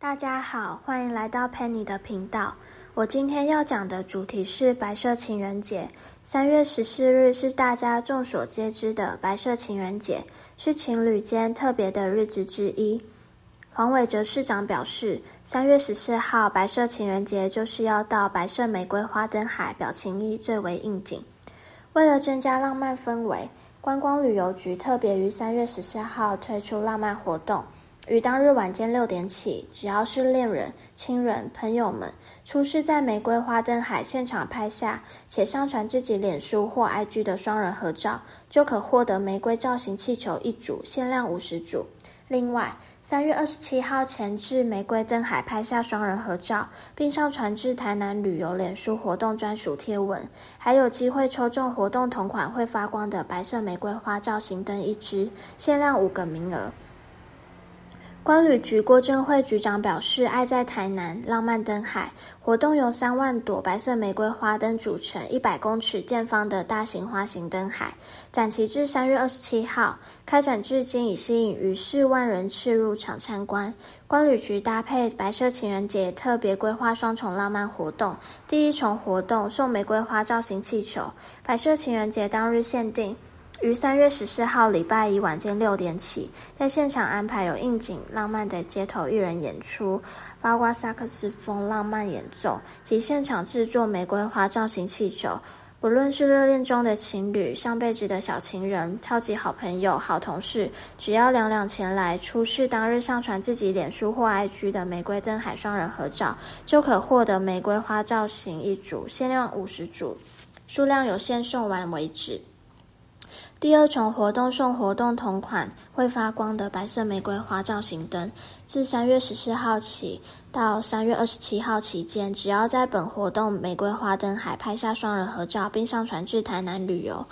大家好，歡迎來到 Penny 的頻道。我今天要講的主題是白色情人節。三月十四日是大家眾所皆知的白色情人節，是情侶間特別的日子之一。黃偉哲市長表示，三月十四號白色情人節就是要到白色玫瑰花燈海，表情意最為應景。為了增加浪漫氛圍，觀光旅遊局特別於三月十四號推出浪漫活動。於當日晚間六點起，只要是戀人、親人、朋友們出示在玫瑰花燈海現場拍下且上傳自己臉書或 IG 的雙人合照，就可獲得玫瑰造型氣球一組（限量五十組）。另外，三月二十七號前至玫瑰燈海拍下雙人合照並上傳至台南旅遊臉書活動專屬貼文，還有機會抽中活動同款會發光的白色玫瑰花造型燈一支（限量五個名額）。觀旅局郭貞慧局長表示，愛在台南浪漫燈海活動由三萬朵白色玫瑰花燈組成，一百公尺見方的大型花形燈海，展期至三月二十七號開展至今已吸引逾四萬人次入場參觀。觀旅局搭配白色情人節特別規劃雙重浪漫活動，第一重活動送玫瑰花造型氣球，白色情人節當日限定。於三月十四號禮拜一晚間六點起，在現場安排有應景浪漫的街頭藝人演出，包括薩克斯風浪漫演奏及現場製作玫瑰花造型氣球。不論是熱戀中的情侶、上輩子的小情人、超級好朋友、好同事，只要兩兩前來出示當日上傳自己臉書或 IG 的玫瑰燈海雙人合照，就可獲得玫瑰花造型一組，限量五十組，數量有限，送完為止。第二重活動送活動同款會發光的白色玫瑰花造型燈，自三月十四號起到三月二十七號期間，只要在本活動玫瑰花燈海拍下雙人合照，並上傳至台南旅遊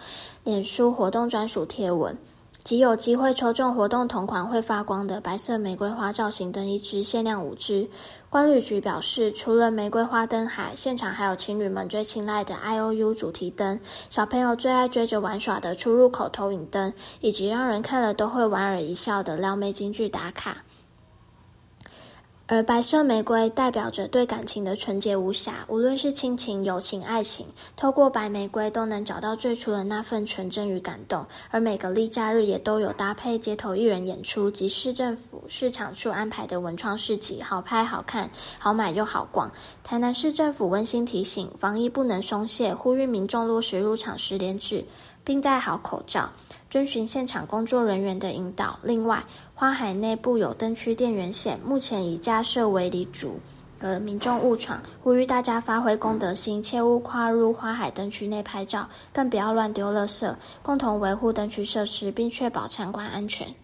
臉書活動專屬貼文。即有機會抽中活動同款會發光的白色玫瑰花造型燈一支，限量五支。觀旅局表示，除了玫瑰花燈海，現場還有情侶們最青睞的 I O U 主題燈，小朋友最愛追着玩耍的出入口投影燈，以及讓人看了都會莞爾一笑的撩妹金句打卡。而白色玫瑰代表着對感情的純潔無瑕，無論是親情、友情、愛情，透過白玫瑰都能找到最初的那份純真與感動。而每個例假日也都有搭配街頭藝人演出及市政府市場處安排的文創市集，好拍、好看、好買又好逛。台南市政府溫馨提醒：防疫不能鬆懈，呼籲民眾落實入場實聯制，並戴好口罩，遵循現場工作人員的引導。另外，花海內部有燈區電源線，目前已架設圍籬阻隔民眾誤闖，呼籲大家發揮公德心，切勿跨入花海燈區內拍照，更不要亂丟垃圾，共同維護燈區設施，並確保參觀安全。